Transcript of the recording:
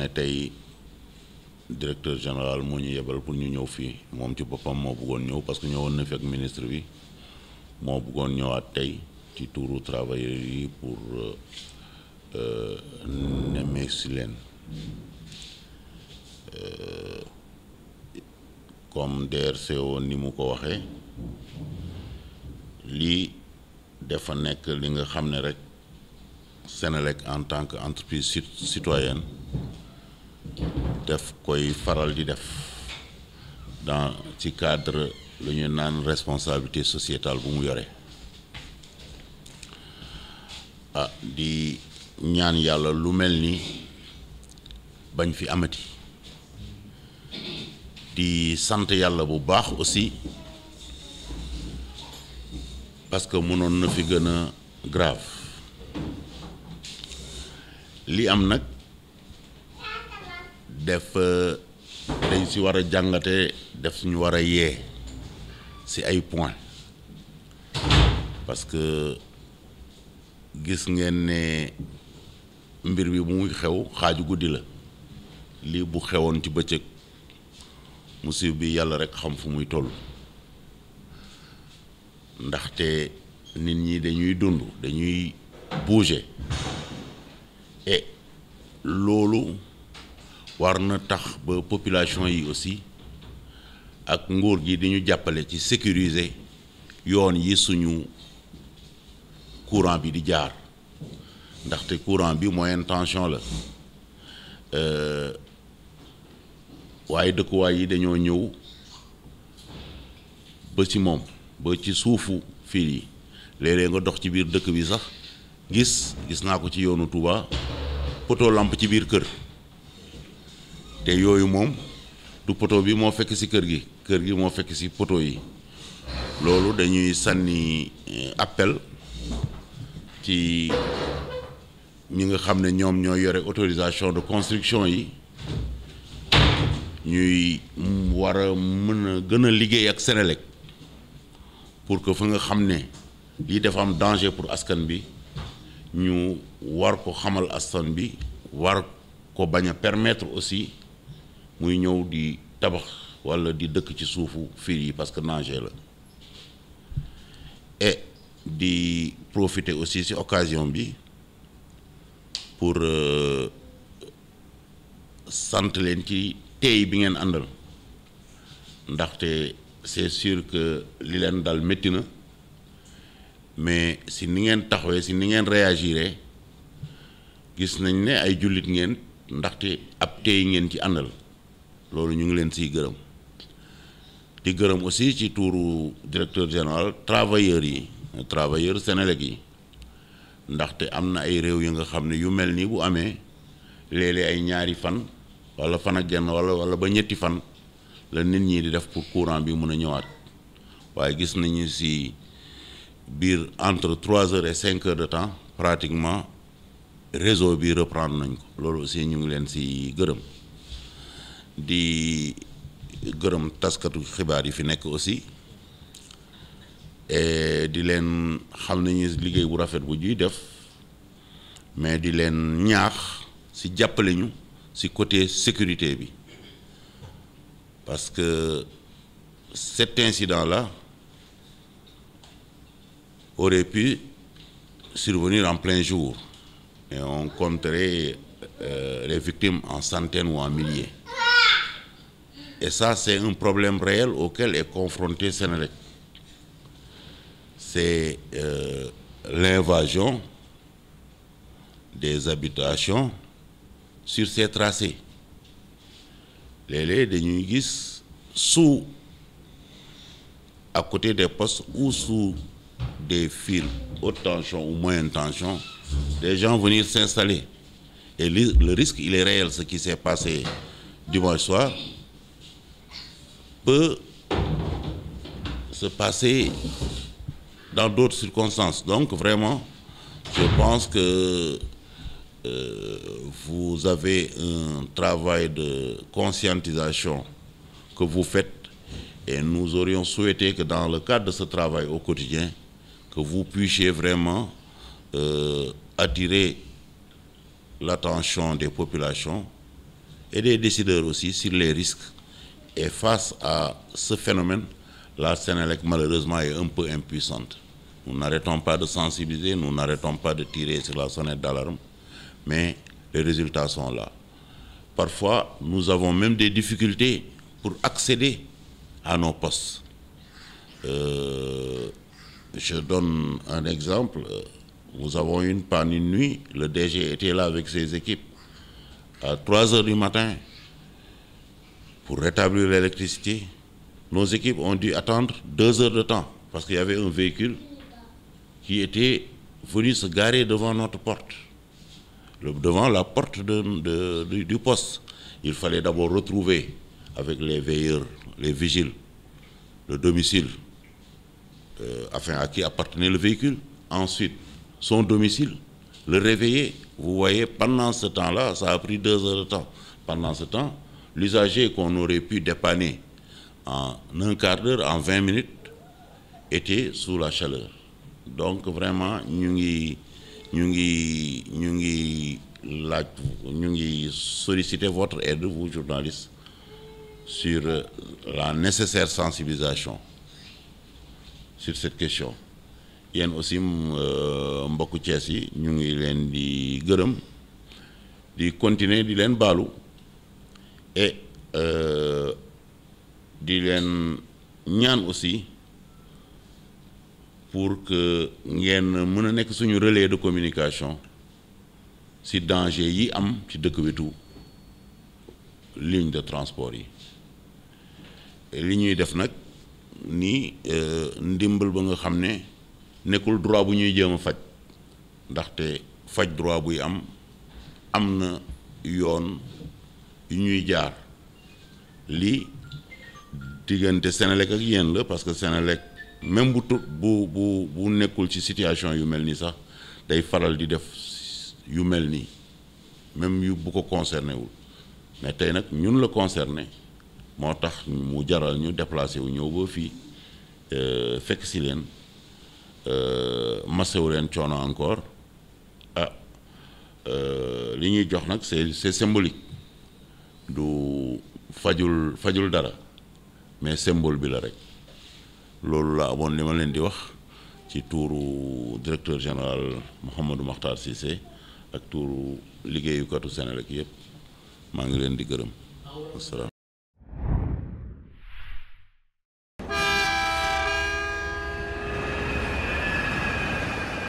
ne tey directeur général moo ñu yebal pour ñu ñëw fii moom ci boppam moo bëggoon ñëw parce que ñëwoon na fi ak ministre bi moo bëggoon ñëwaat tey ci tuuru travailleurs yi pour euh, nemmeeku si leen euh, comme DRCO ni mu ko waxee lii dafa nekk li nga xam ne rek Senelec en tant que entreprise citoyenne def koy faral di def dans ci cadre lu ñu naan responsabilité societal bu mu yore ah di ñaan yàlla lu mel ni bañ fi amati di sant yàlla bu baax aussi parce que mënoon na fi gën a grave li am nag def euh, dañ si war a jàngate def suñu war a yee si ay point parce que gis ngeen ne mbir bi bu muy xew xaaju guddi la lii bu xewoon ci bëccëg musiba bi yàlla rek xam fu muy toll ndaxte nit ñi dañuy dund dañuy bouger loolu war na tax ba population yi aussi ak nguur gi di ñu jàppale ci sécuriser yoon yi suñu courant bi di jaar ndaxte courant bi moyenne tension la euh, waaye dëkkuwaay yi dañoo ñëw ba ci moom ba ci suufu fil yi léeg nga dox ci biir dëkk bi sax gis gis naa ko ci yoonu Touba poto làmp ci biir kër te yooyu moom du poto bi moo fekk ci kër gi kër gi moo fekk ci poto yi loolu dañuy sànni eh, appel ci ñi nga xam ne ñoom ñoo yore autorisation de construction yi ñuy war a mën a gën a liggéey ak Senelec pour que fa nga xam ne lii dafa am danger pour askan bi ñu war ko xamal askan bi war ko bañ a permettre aussi muy ñëw di tabax walla di dëkk ci suufu fiir yi parce que danger la et di profiter aussi ci occasion bi pour euh, sant leen ci teey bi ngeen àndal ndaxte c'est sur que li leen dal métti na mais si ni ngeen taxawee si ni ngeen réagiré gis nañ ne ay jullit ngeen ndaxte ab teey ngeen ci àndal loolu ñu ngi leen siy gërëm di gërëm aussi ci tuuru directeur général travailleurs yi travailleurs sénégalais yi ndaxte am na ay réew yi nga xam ne yu mel nii bu amee léeg ay ñaari fan wala fan ak genn wala wala ba ñetti fan la nit ñi di def pour courant bi mun a ñëwaat waaye gis nañu si biir entre trois heures et cinq heures de temps pratiquement réseau bi reprendre nañ ko loolu aussi ñu ngi leen si gërëm. di gërëm taskatu xibaar yi fi nekk aussi e di leen xam nañu liggéey bu rafet bu ñuy def mais di leen ñaax si jàppale ñu si côté sécurité bi parce que cet incident-là aurait pu survenir en plein jour et on compterait euh, les victimes en centaines ou en milliers. Et ça, c'est un problème réel auquel est confronté Sénélec. C'est euh, l'invasion des habitations sur ces tracés léeg-léeg dañuy gis sous à côté des postes ou sous des fils haute tension ou moyenne tension des gens venir s'installer et le risque il est réel ce qui s'est passé dimanche soir peut se passer dans d'autres circonstances. Donc vraiment, je pense que euh, vous avez un travail de conscientisation que vous faites et nous aurions souhaité que dans le cadre de ce travail au quotidien, que vous puissiez vraiment euh, attirer l'attention des populations et des décideurs aussi sur les risques Et face à ce phénomène, la Sénélec, malheureusement, est un peu impuissante. Nous n'arrêtons pas de sensibiliser, nous n'arrêtons pas de tirer sur la sonnette d'alarme, mais les résultats sont là. Parfois, nous avons même des difficultés pour accéder à nos postes. Euh, je donne un exemple. Nous avons eu une panne une nuit, le DG était là avec ses équipes. À 3 heures du matin, pour rétablir l'électricité nos équipes ont dû attendre deux heures de temps parce qu'il y avait un véhicule qui était venu se garer devant notre porte le, devant la porte de, de, de, du poste il fallait d'abord retrouver avec les veilleurs les vigiles le domicile euh, afin à qui appartenait le véhicule ensuite son domicile le réveiller vous voyez pendant ce temps-là ça a pris deux heures de temps pendant ce temps l'usager qu'on aurait pu dépanner en un quart d'heure, en 20 minutes, était sous la chaleur. Donc vraiment, ñu ngi ñu ngi ñu ngi laaj ñu ngi solliciter votre aide, vous journalistes, sur euh, la nécessaire sensibilisation sur cette question. yéen aussi euh, mbokku Cees yi ñu ngi leen di gërëm di continuer di leen baalu et euh, di leen ñaan aussi pour que ngeen mën a nekk suñu relais de communication ci danger yi am ci dëkk wetu ligne de transport yi li ñuy def nag ni euh, ndimbal ba nga xam ne nekkul droit bu ñuy jéem a faj ndaxte faj droit buy am am na yoon yu ñuy jaar lii diggante Senelec ak yéen la parce que Senelec même bu tut bu bu bu nekkul ci situation yu mel nii sax day faral di def yu mel nii même yu bu ko concerné mais tey nag ñun la concerné moo tax mu jaral ñu déplacé wu ñëw ba fii euh, fekk si leen euh, masewu leen coono encore ah euh, li ñuy jox nag c'est c'est symbolique du fajul fajul dara mais symbole bi la rek loolu la amoon li ma leen di wax ci tuuru directeur général Mouhamadou Makhtar Cissé ak tuuru liggéeyukatu Senelec yëpp maa ngi leen di gërëm